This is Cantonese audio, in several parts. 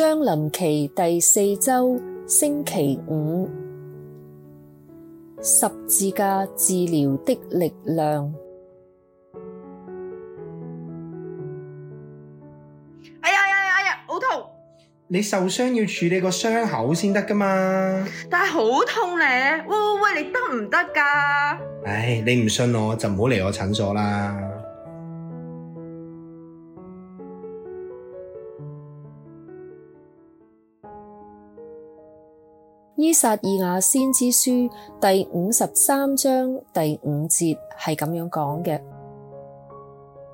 將臨期第四周星期五，十字架治療的力量。哎呀哎呀哎呀，好痛！你受傷要處理個傷口先得㗎嘛。但係好痛咧，喂喂喂，你得唔得㗎？唉，你唔信我就唔好嚟我診所啦。依撒意亞先知書第五十三章第五節係咁樣講嘅：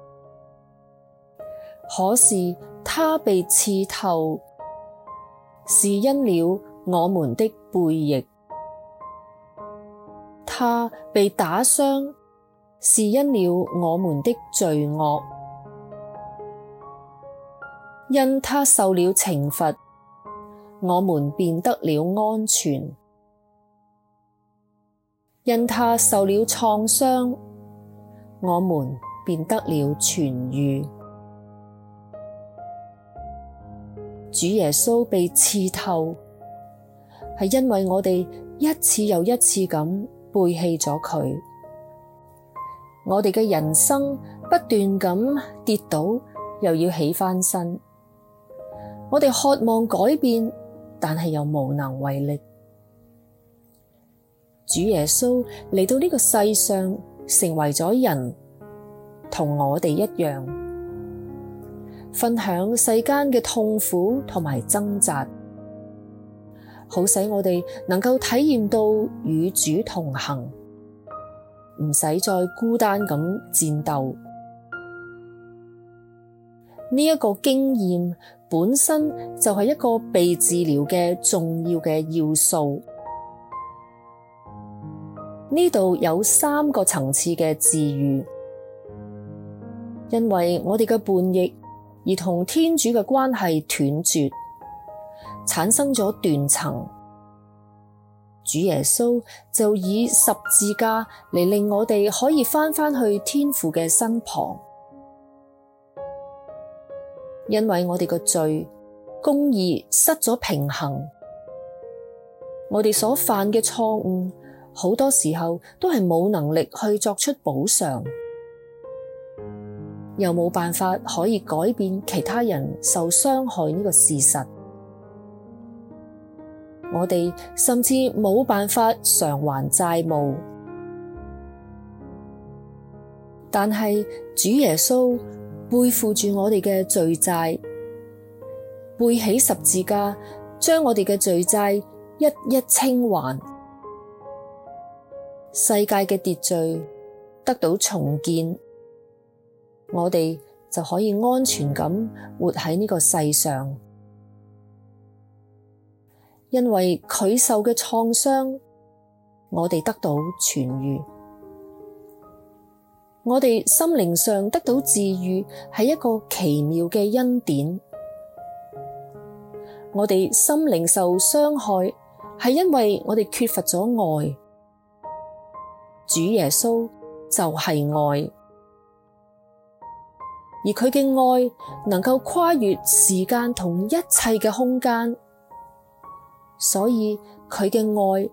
「可是他被刺透，是因了我們的悖逆；他被打傷，是因了我們的罪惡；因他受了懲罰。我們便得了安全，因他受了創傷，我們便得了痊癒。主耶穌被刺透，係因為我哋一次又一次咁背棄咗佢。我哋嘅人生不斷咁跌倒，又要起返身。我哋渴望改變。但係又無能為力。主耶穌嚟到呢個世上，成為咗人，同我哋一樣，分享世間嘅痛苦同埋掙扎，好使我哋能夠體驗到與主同行，唔使再孤單咁戰鬥。呢一個經驗本身就係一個被治療嘅重要嘅要素。呢度有三個層次嘅治愈，因為我哋嘅叛逆而同天主嘅關係斷絕，產生咗斷層。主耶穌就以十字架嚟令我哋可以返返去天父嘅身旁。因為我哋嘅罪，公義失咗平衡，我哋所犯嘅錯誤好多時候都係冇能力去作出補償，又冇辦法可以改變其他人受傷害呢個事實。我哋甚至冇辦法償還債務，但係主耶穌。背負住我哋嘅罪債，背起十字架，將我哋嘅罪債一一清還，世界嘅秩序得到重建，我哋就可以安全咁活喺呢個世上，因為佢受嘅創傷，我哋得到痊癒。我哋心靈上得到治癒，係一個奇妙嘅恩典。我哋心靈受傷害，係因為我哋缺乏咗愛。主耶穌就係愛，而佢嘅愛能夠跨越時間同一切嘅空間，所以佢嘅愛。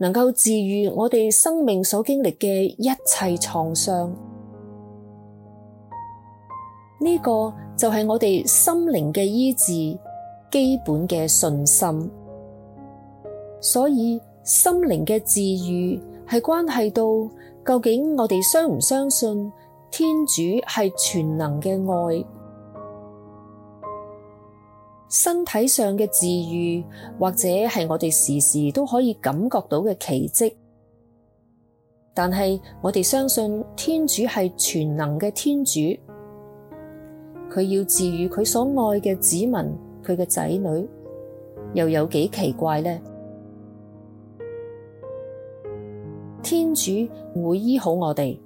能夠治愈我哋生命所經歷嘅一切創傷，呢、這個就係我哋心靈嘅醫治基本嘅信心。所以心靈嘅治愈係關係到究竟我哋相唔相信天主係全能嘅愛。身體上嘅治愈，或者係我哋時時都可以感覺到嘅奇蹟。但係我哋相信天主係全能嘅天主，佢要治愈佢所愛嘅子民，佢嘅仔女，又有幾奇怪呢？天主唔會醫好我哋，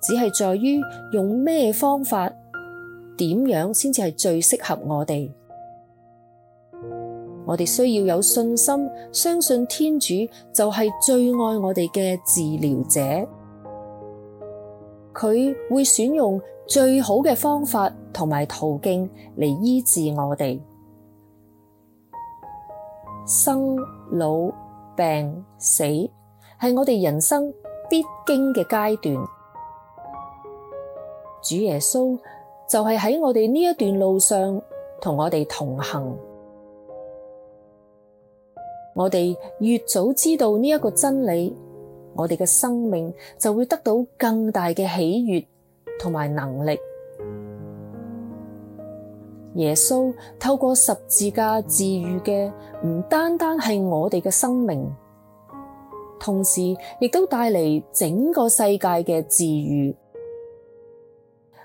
只係在於用咩方法。點樣先至係最適合我哋？我哋需要有信心，相信天主就係最愛我哋嘅治療者，佢會選用最好嘅方法同埋途徑嚟醫治我哋。生老病死係我哋人生必經嘅階段，主耶穌。就係喺我哋呢一段路上同我哋同行，我哋越早知道呢一個真理，我哋嘅生命就會得到更大嘅喜悅同埋能力。耶穌透過十字架治愈嘅唔單單係我哋嘅生命，同時亦都帶嚟整個世界嘅治愈。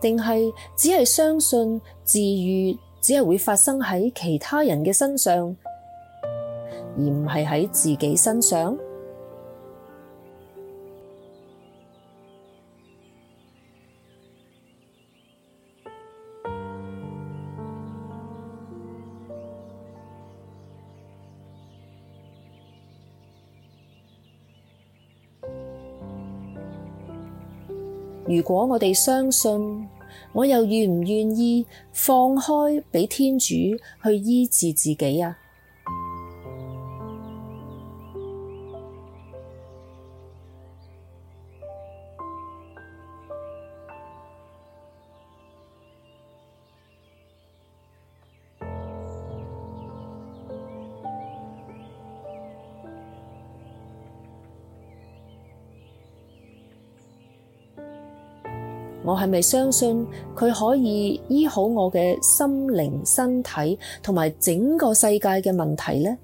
定係只係相信治癒只係會發生喺其他人嘅身上，而唔係喺自己身上。如果我哋相信，我又願唔願意放開畀天主去醫治自己啊？我係咪相信佢可以醫好我嘅心靈、身體同埋整個世界嘅問題咧？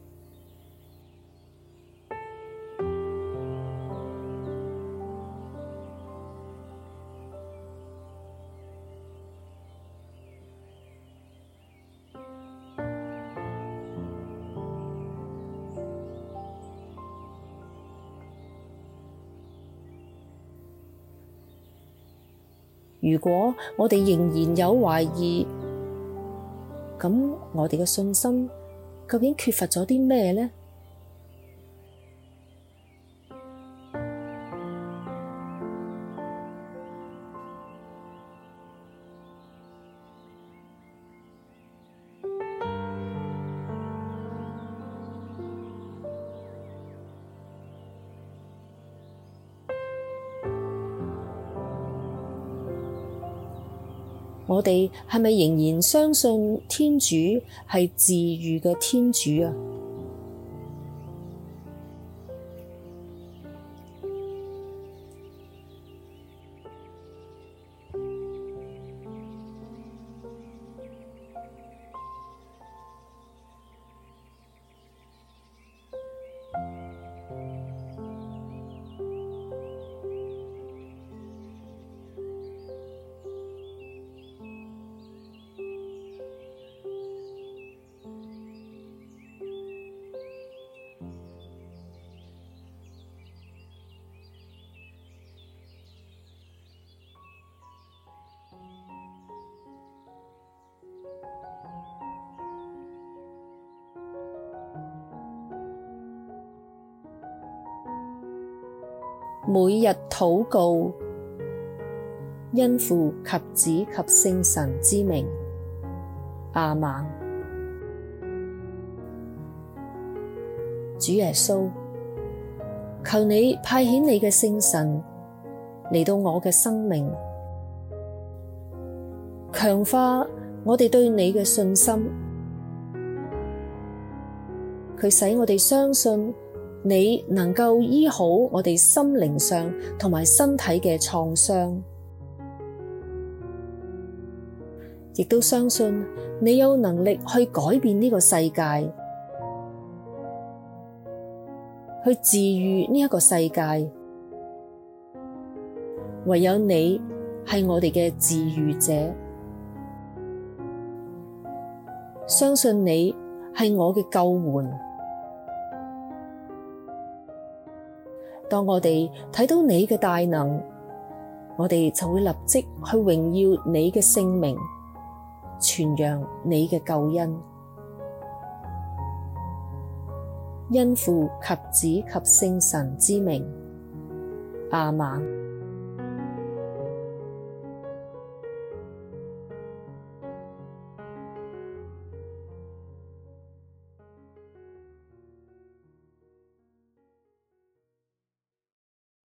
如果我哋仍然有懷疑，咁我哋嘅信心究竟缺乏咗啲咩咧？我哋係咪仍然相信天主係治癒嘅天主啊？每日禱告，因父及子及聖神之名，阿們。主耶穌，求你派遣你嘅聖神嚟到我嘅生命，強化我哋對你嘅信心，佢使我哋相信。你能夠醫好我哋心靈上同埋身體嘅創傷，亦都相信你有能力去改變呢個世界，去治癒呢一個世界。唯有你係我哋嘅治癒者，相信你係我嘅救援。當我哋睇到你嘅大能，我哋就會立即去榮耀你嘅聖名，傳揚你嘅救恩。因父及子及聖神之名，阿瑪。